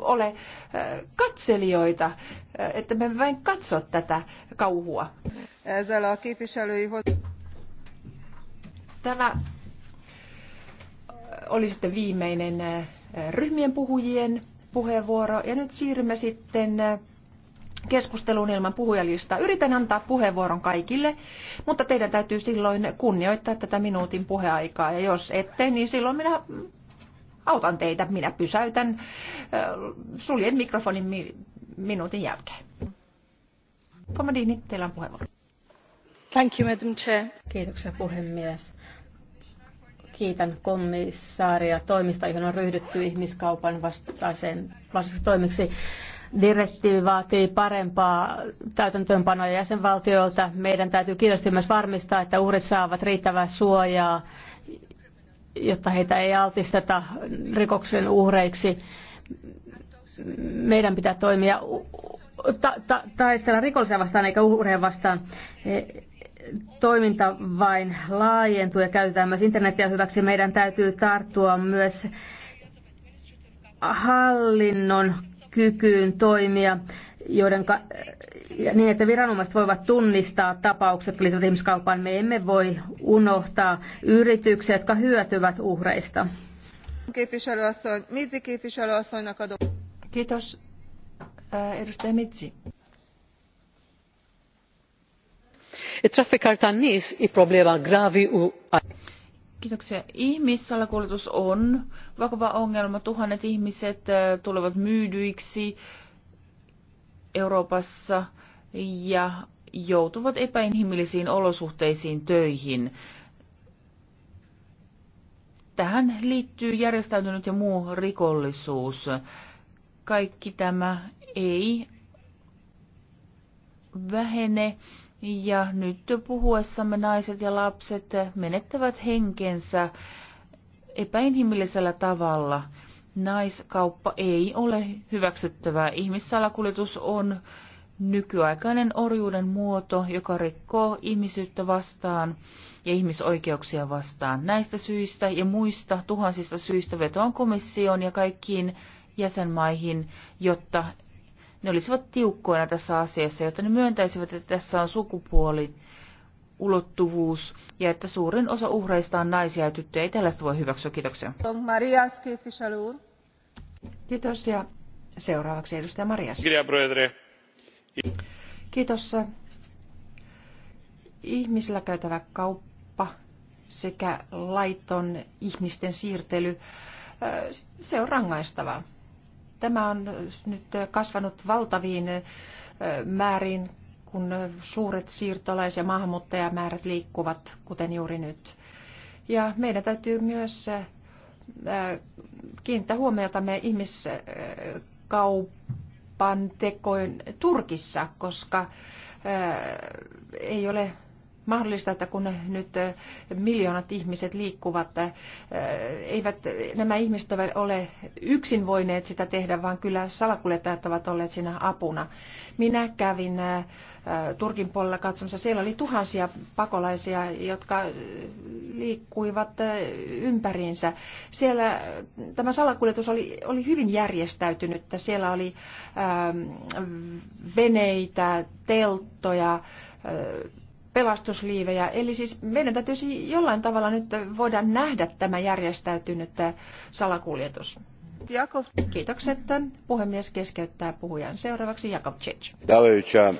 ole katselijoita, että me vain katso tätä kauhua. Tämä oli sitten viimeinen äh, ryhmien puhujien puheenvuoro. Ja nyt siirrymme sitten äh, keskusteluun ilman puhujalistaa. Yritän antaa puheenvuoron kaikille, mutta teidän täytyy silloin kunnioittaa tätä minuutin puheaikaa. Ja jos ette, niin silloin minä autan teitä, minä pysäytän, äh, suljen mikrofonin minuutin jälkeen. Komadini, teillä on puheenvuoro. Thank you, Madam Chair. Kiitoksia puhemies. Kiitän komissaaria toimista, johon on ryhdytty ihmiskaupan vastaiseen vastaiseksi toimiksi. Direktiivi vaatii parempaa täytäntöönpanoa jäsenvaltioilta. Meidän täytyy kirjasti myös varmistaa, että uhrit saavat riittävää suojaa, jotta heitä ei altisteta rikoksen uhreiksi. Meidän pitää toimia ta- ta- taistella rikollisia vastaan eikä uhreja vastaan toiminta vain laajentuu ja käytetään myös internetiä hyväksi, meidän täytyy tarttua myös hallinnon kykyyn toimia, joiden ka- niin, että viranomaiset voivat tunnistaa tapaukset, liittyvät ihmiskauppaan. Me emme voi unohtaa yrityksiä, jotka hyötyvät uhreista. Kiitos. Edustaja Mitsi. it-traffikar tan-nies problema gravi u Kiitoksia. Ihmissalakuljetus on vakava ongelma. Tuhannet ihmiset äh, tulevat myydyiksi Euroopassa ja joutuvat epäinhimillisiin olosuhteisiin töihin. Tähän liittyy järjestäytynyt ja muu rikollisuus. Kaikki tämä ei vähene ja nyt puhuessamme naiset ja lapset menettävät henkensä epäinhimillisellä tavalla. Naiskauppa ei ole hyväksyttävää. Ihmissalakuljetus on nykyaikainen orjuuden muoto, joka rikkoo ihmisyyttä vastaan ja ihmisoikeuksia vastaan. Näistä syistä ja muista tuhansista syistä vetoan komissioon ja kaikkiin jäsenmaihin, jotta ne olisivat tiukkoina tässä asiassa, jotta ne myöntäisivät, että tässä on sukupuoli ulottuvuus ja että suurin osa uhreista on naisia ja tyttöjä. Ei tällaista voi hyväksyä. Kiitoksia. Kiitos ja seuraavaksi edustaja Maria Kiitos. Ihmisillä käytävä kauppa sekä laiton ihmisten siirtely, se on rangaistavaa. Tämä on nyt kasvanut valtaviin määriin, kun suuret siirtolais- ja maahanmuuttajamäärät liikkuvat, kuten juuri nyt. Ja meidän täytyy myös kiinnittää huomiota me ihmiskaupan tekoin Turkissa, koska ei ole mahdollista, että kun nyt miljoonat ihmiset liikkuvat, eivät nämä ihmiset ole yksin voineet sitä tehdä, vaan kyllä salakuljettajat ovat olleet siinä apuna. Minä kävin Turkin puolella katsomassa, siellä oli tuhansia pakolaisia, jotka liikkuivat ympäriinsä. Siellä tämä salakuljetus oli, oli hyvin järjestäytynyt, että siellä oli veneitä, telttoja, pelastusliivejä. Eli siis meidän täytyisi jollain tavalla nyt voida nähdä tämä järjestäytynyt salakuljetus. Jakov. Kiitokset. Puhemies keskeyttää puhujan seuraavaksi Jakovčić. Davajuća,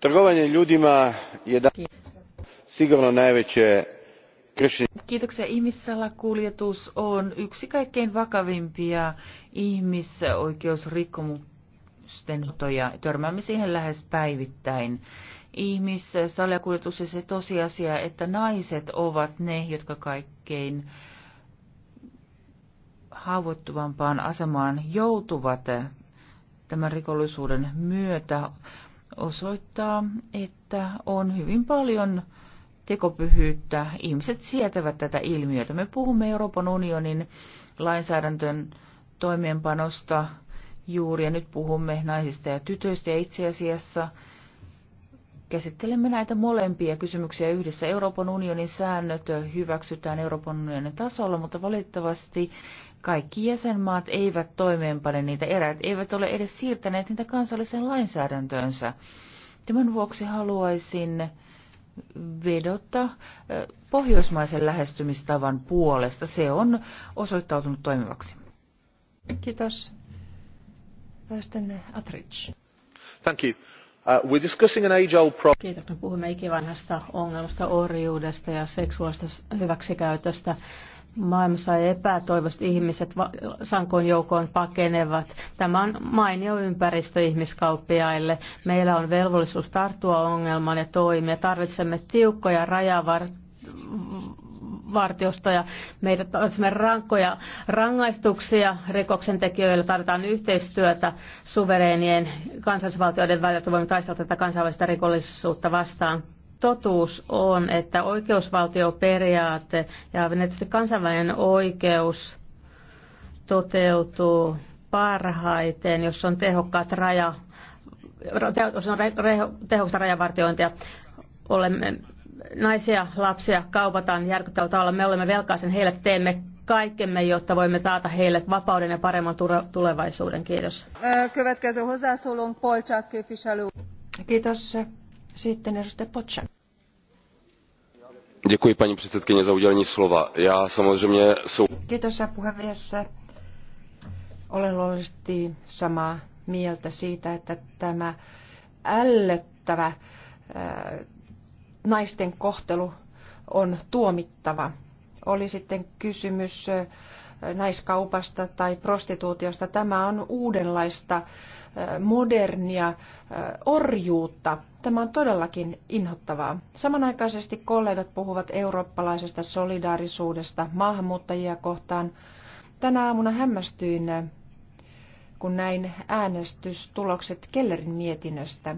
trgovanje ljudima je da sigurno najveće Kiitoksia. Ihmissalakuljetus on yksi kaikkein vakavimpia ihmisoikeusrikkomusten törmäämme siihen lähes päivittäin ihmissalakuljetus ja se tosiasia, että naiset ovat ne, jotka kaikkein haavoittuvampaan asemaan joutuvat tämän rikollisuuden myötä, osoittaa, että on hyvin paljon tekopyhyyttä. Ihmiset sietävät tätä ilmiötä. Me puhumme Euroopan unionin lainsäädäntön toimeenpanosta juuri ja nyt puhumme naisista ja tytöistä ja itse asiassa Käsittelemme näitä molempia kysymyksiä yhdessä. Euroopan unionin säännöt hyväksytään Euroopan unionin tasolla, mutta valitettavasti kaikki jäsenmaat eivät toimeenpane niitä eräät, eivät ole edes siirtäneet niitä kansalliseen lainsäädäntöönsä. Tämän vuoksi haluaisin vedota pohjoismaisen lähestymistavan puolesta. Se on osoittautunut toimivaksi. Kiitos. Päästänne Atrich. Thank you. Uh, we're discussing an age old problem. Kiitos. Me puhumme ikivanhasta ongelmasta, orjuudesta ja seksuaalista hyväksikäytöstä. Maailmassa epätoivoiset ihmiset sankoin joukoon pakenevat. Tämä on mainio ympäristö ihmiskauppiaille. Meillä on velvollisuus tarttua ongelmaan ja toimia. Tarvitsemme tiukkoja rajavartioita vartiosta ja meitä tarvitsemme rankkoja rangaistuksia rikoksentekijöillä, tarvitaan yhteistyötä suvereenien kansallisvaltioiden välillä, että voimme taistella tätä kansainvälistä rikollisuutta vastaan totuus on, että oikeusvaltioperiaate ja tietysti kansainvälinen oikeus toteutuu parhaiten, jos on tehokkaat raja, jos on tehokasta rajavartiointia. Olemme naisia, lapsia kaupataan järkyttävällä tavalla. Me olemme velkaisen heille, teemme kaikkemme, jotta voimme taata heille vapauden ja paremman tulevaisuuden. Kiitos. Kiitos. Sitten edustaja Potsan. Děkuji paní předsedkyně za udělení slova. Já samozřejmě jsou... Kiitos puhemies. Olen luonnollisesti samaa mieltä siitä, että tämä ällöttävä naisten kohtelu on tuomittava. Oli sitten kysymys naiskaupasta tai prostituutiosta. Tämä on uudenlaista modernia orjuutta. Tämä on todellakin inhottavaa. Samanaikaisesti kollegat puhuvat eurooppalaisesta solidaarisuudesta maahanmuuttajia kohtaan. Tänä aamuna hämmästyin kun näin äänestystulokset Kellerin mietinnöstä.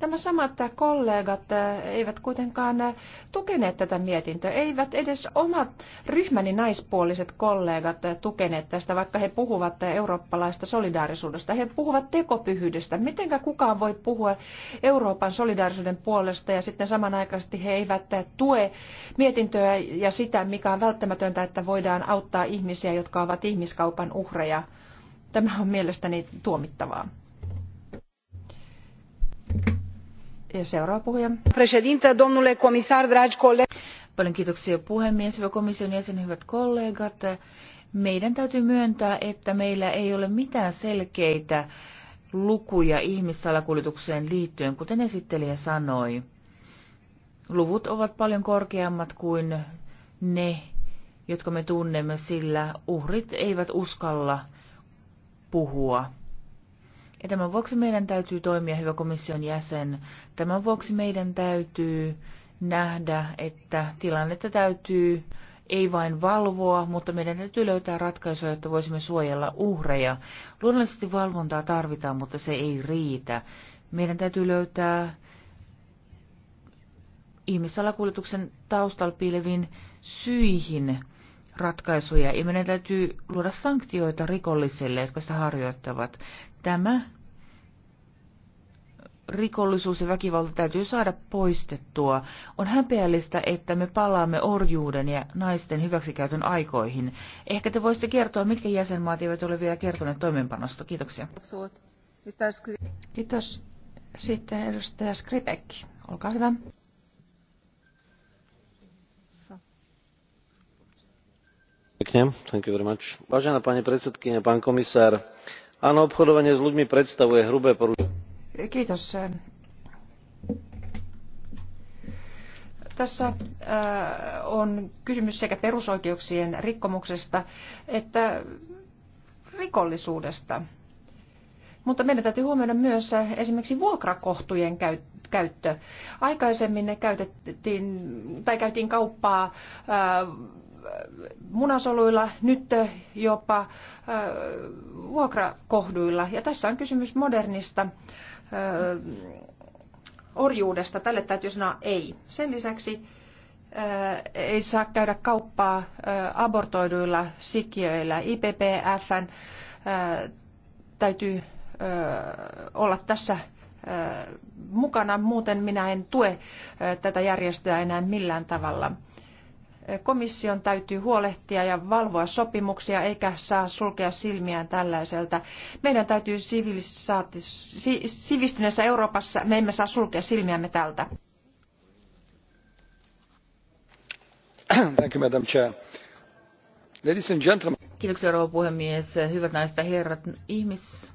Nämä samat kollegat äh, eivät kuitenkaan äh, tukeneet tätä mietintöä, eivät edes omat ryhmäni naispuoliset kollegat äh, tukeneet tästä, vaikka he puhuvat eurooppalaista solidaarisuudesta. He puhuvat tekopyhyydestä. Mitenkä kukaan voi puhua Euroopan solidaarisuuden puolesta ja sitten samanaikaisesti he eivät tue mietintöä ja sitä, mikä on välttämätöntä, että voidaan auttaa ihmisiä, jotka ovat ihmiskaupan uhreja Tämä on mielestäni tuomittavaa. Ja seuraava puhuja. domnule komissar dragi Paljon kiitoksia puhemies, hyvä komission jäsen, hyvät kollegat. Meidän täytyy myöntää, että meillä ei ole mitään selkeitä lukuja ihmissalakuljetukseen liittyen, kuten esittelijä sanoi. Luvut ovat paljon korkeammat kuin ne, jotka me tunnemme, sillä uhrit eivät uskalla puhua. Ja tämän vuoksi meidän täytyy toimia, hyvä komission jäsen. Tämän vuoksi meidän täytyy nähdä, että tilannetta täytyy ei vain valvoa, mutta meidän täytyy löytää ratkaisuja, jotta voisimme suojella uhreja. Luonnollisesti valvontaa tarvitaan, mutta se ei riitä. Meidän täytyy löytää ihmissalakuljetuksen taustalla piileviin syihin ratkaisuja ja meidän täytyy luoda sanktioita rikollisille, jotka sitä harjoittavat. Tämä rikollisuus ja väkivalta täytyy saada poistettua. On häpeällistä, että me palaamme orjuuden ja naisten hyväksikäytön aikoihin. Ehkä te voisitte kertoa, mitkä jäsenmaat eivät ole vielä kertoneet toimeenpanosta. Kiitoksia. Kiitos. Sitten edustaja Skripek. Olkaa hyvä. vážená pani predsedkyňa pán komisár áno obchodovanie s ľuďmi predstavuje hrubé porušenie. tässä äh, on kysymys sekä perusoikeuksien rikkomuksesta että rikollisuudesta mutta meidän täytyy huomioida myös äh, esimerkiksi vuokrakohtujen käyttö. Aikaisemmin ne käytettiin, tai käytiin kauppaa ää, äh, munasoluilla, nyt äh, jopa ää, vuokrakohduilla. Ja tässä on kysymys modernista ää, orjuudesta. Tälle täytyy sanoa ei. Sen lisäksi ei saa käydä kauppaa abortoiduilla sikiöillä. IPPFn täytyy olla tässä mukana, muuten minä en tue tätä järjestöä enää millään tavalla. Komission täytyy huolehtia ja valvoa sopimuksia eikä saa sulkea silmiään tällaiselta. Meidän täytyy sivistyneessä Euroopassa, me emme saa sulkea silmiämme tältä. Thank you, Madam Chair. Ladies and gentlemen. Kiitoksia, rouva puhemies. Hyvät naiset ja herrat, ihmis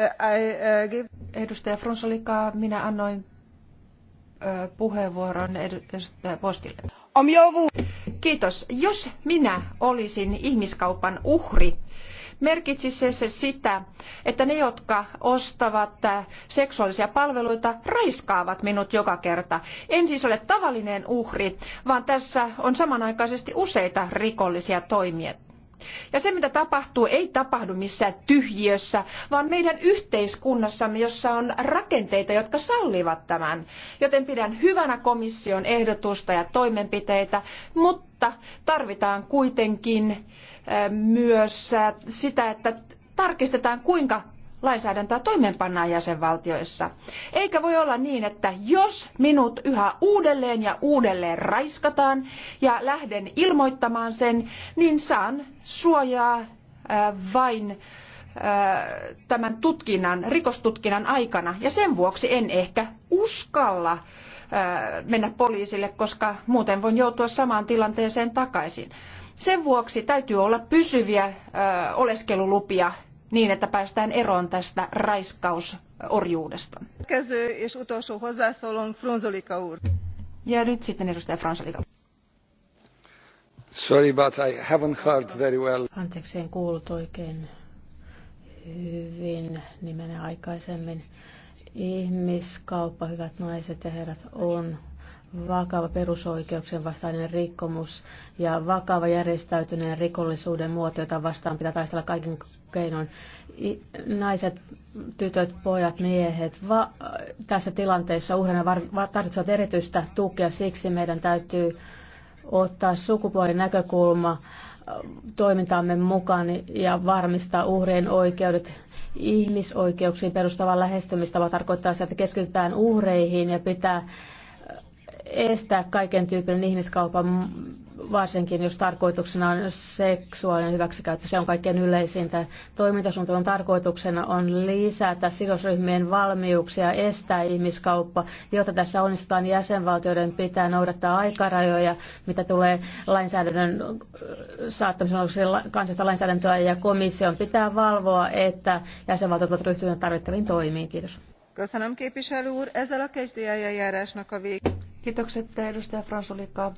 Äh, äh, äh, edustaja Frunzolika, minä annoin puheenvuoron edustaja Postille. Kiitos. Jos minä olisin ihmiskaupan uhri, merkitsisi se sitä, että ne, jotka ostavat seksuaalisia palveluita, raiskaavat minut joka kerta. En siis ole tavallinen uhri, vaan tässä on samanaikaisesti useita rikollisia toimia ja se, mitä tapahtuu, ei tapahdu missään tyhjiössä, vaan meidän yhteiskunnassamme, jossa on rakenteita, jotka sallivat tämän. Joten pidän hyvänä komission ehdotusta ja toimenpiteitä, mutta tarvitaan kuitenkin äh, myös äh, sitä, että tarkistetaan, kuinka lainsäädäntöä toimeenpannaan jäsenvaltioissa. Eikä voi olla niin, että jos minut yhä uudelleen ja uudelleen raiskataan ja lähden ilmoittamaan sen, niin saan suojaa äh, vain äh, tämän tutkinnan, rikostutkinnan aikana. Ja sen vuoksi en ehkä uskalla äh, mennä poliisille, koska muuten voin joutua samaan tilanteeseen takaisin. Sen vuoksi täytyy olla pysyviä oleskelulupia niin, että päästään eroon tästä raiskausorjuudesta. Ja nyt sitten edustaja Fransolika. Sorry, but I haven't heard very well. Anteeksi, en kuullut oikein hyvin nimenä aikaisemmin. Ihmiskauppa, hyvät naiset ja herrat, on vakava perusoikeuksien vastainen rikkomus ja vakava järjestäytyneen rikollisuuden muoto, jota vastaan pitää taistella kaiken keinoin. Naiset, tytöt, pojat, miehet va- tässä tilanteessa uhreina tarvitsevat erityistä tukea, siksi meidän täytyy ottaa sukupuolen näkökulma äh, toimintaamme mukaan ja varmistaa uhrien oikeudet ihmisoikeuksiin perustavan vaan tarkoittaa sitä, että keskitytään uhreihin ja pitää estää kaiken tyypin ihmiskaupan, varsinkin jos tarkoituksena on seksuaalinen hyväksikäyttö. Se on kaikkein yleisintä. Toimintasuunnitelman tarkoituksena on lisätä sidosryhmien valmiuksia estää ihmiskauppa, jotta tässä onnistutaan jäsenvaltioiden pitää noudattaa aikarajoja, mitä tulee lainsäädännön äh, saattamisen kansallista lainsäädäntöä ja komission pitää valvoa, että jäsenvaltiot ovat ryhtyneet tarvittaviin toimiin. Kiitos. Köszönöm képviselő úr, ezzel a kezdi eljárásnak a végét. Kiitokset edustaja fransulika.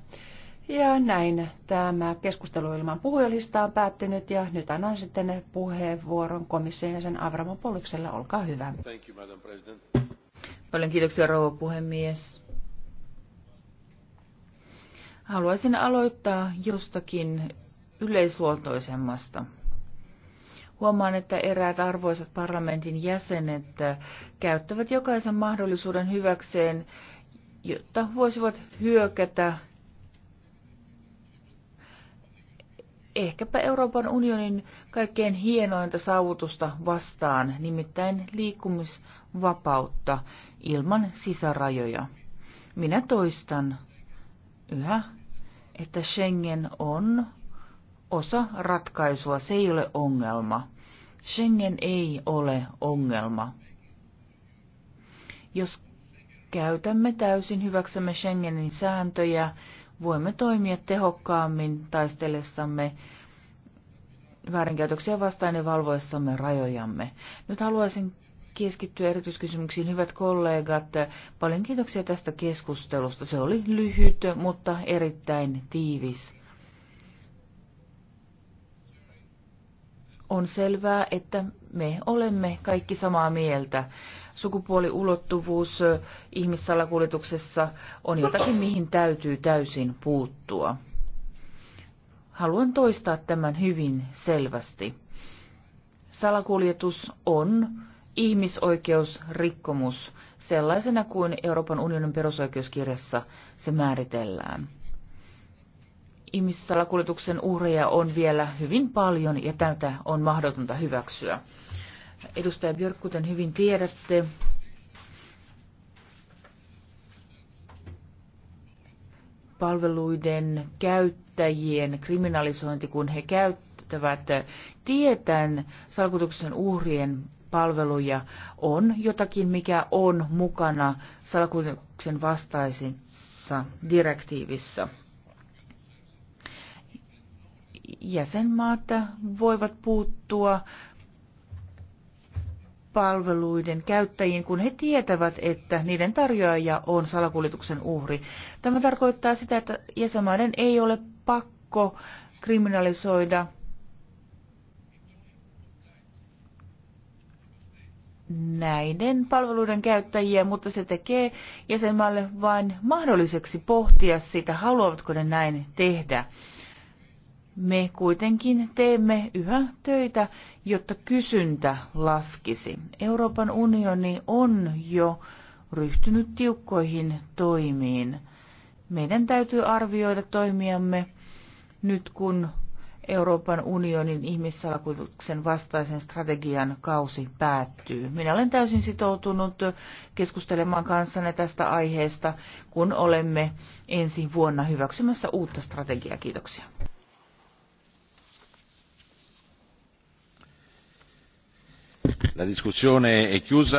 Ja näin tämä keskustelu ilman puhujalistaa on päättynyt ja nyt annan sitten puheenvuoron komission jäsen Avramo Poluksella. Olkaa hyvä. Thank you, Madam President. Paljon kiitoksia rouva puhemies. Haluaisin aloittaa jostakin yleisluontoisemmasta. Huomaan, että eräät arvoisat parlamentin jäsenet käyttävät jokaisen mahdollisuuden hyväkseen jotta voisivat hyökätä ehkäpä Euroopan unionin kaikkein hienointa saavutusta vastaan, nimittäin liikkumisvapautta ilman sisärajoja. Minä toistan yhä, että Schengen on osa ratkaisua, se ei ole ongelma. Schengen ei ole ongelma. Jos käytämme täysin hyväksemme Schengenin sääntöjä, voimme toimia tehokkaammin taistellessamme väärinkäytöksiä vastaan ja valvoessamme rajojamme. Nyt haluaisin keskittyä erityiskysymyksiin. Hyvät kollegat, paljon kiitoksia tästä keskustelusta. Se oli lyhyt, mutta erittäin tiivis. On selvää, että me olemme kaikki samaa mieltä sukupuoliulottuvuus ihmissalakuljetuksessa on jotakin, mihin täytyy täysin puuttua. Haluan toistaa tämän hyvin selvästi. Salakuljetus on ihmisoikeusrikkomus sellaisena kuin Euroopan unionin perusoikeuskirjassa se määritellään. Ihmissalakuljetuksen uhreja on vielä hyvin paljon ja tätä on mahdotonta hyväksyä. Edustaja Björk, kuten hyvin tiedätte, palveluiden käyttäjien kriminalisointi, kun he käyttävät tietän salkutuksen uhrien palveluja, on jotakin, mikä on mukana salkutuksen vastaisissa direktiivissä. Jäsenmaat voivat puuttua palveluiden käyttäjiin, kun he tietävät, että niiden tarjoaja on salakuljetuksen uhri. Tämä tarkoittaa sitä, että jäsenmaiden ei ole pakko kriminalisoida näiden palveluiden käyttäjiä, mutta se tekee jäsenmaalle vain mahdolliseksi pohtia sitä, haluavatko ne näin tehdä me kuitenkin teemme yhä töitä, jotta kysyntä laskisi. Euroopan unioni on jo ryhtynyt tiukkoihin toimiin. Meidän täytyy arvioida toimiamme nyt, kun Euroopan unionin ihmissalakuituksen vastaisen strategian kausi päättyy. Minä olen täysin sitoutunut keskustelemaan kanssanne tästä aiheesta, kun olemme ensi vuonna hyväksymässä uutta strategiaa. Kiitoksia. La discussione è chiusa.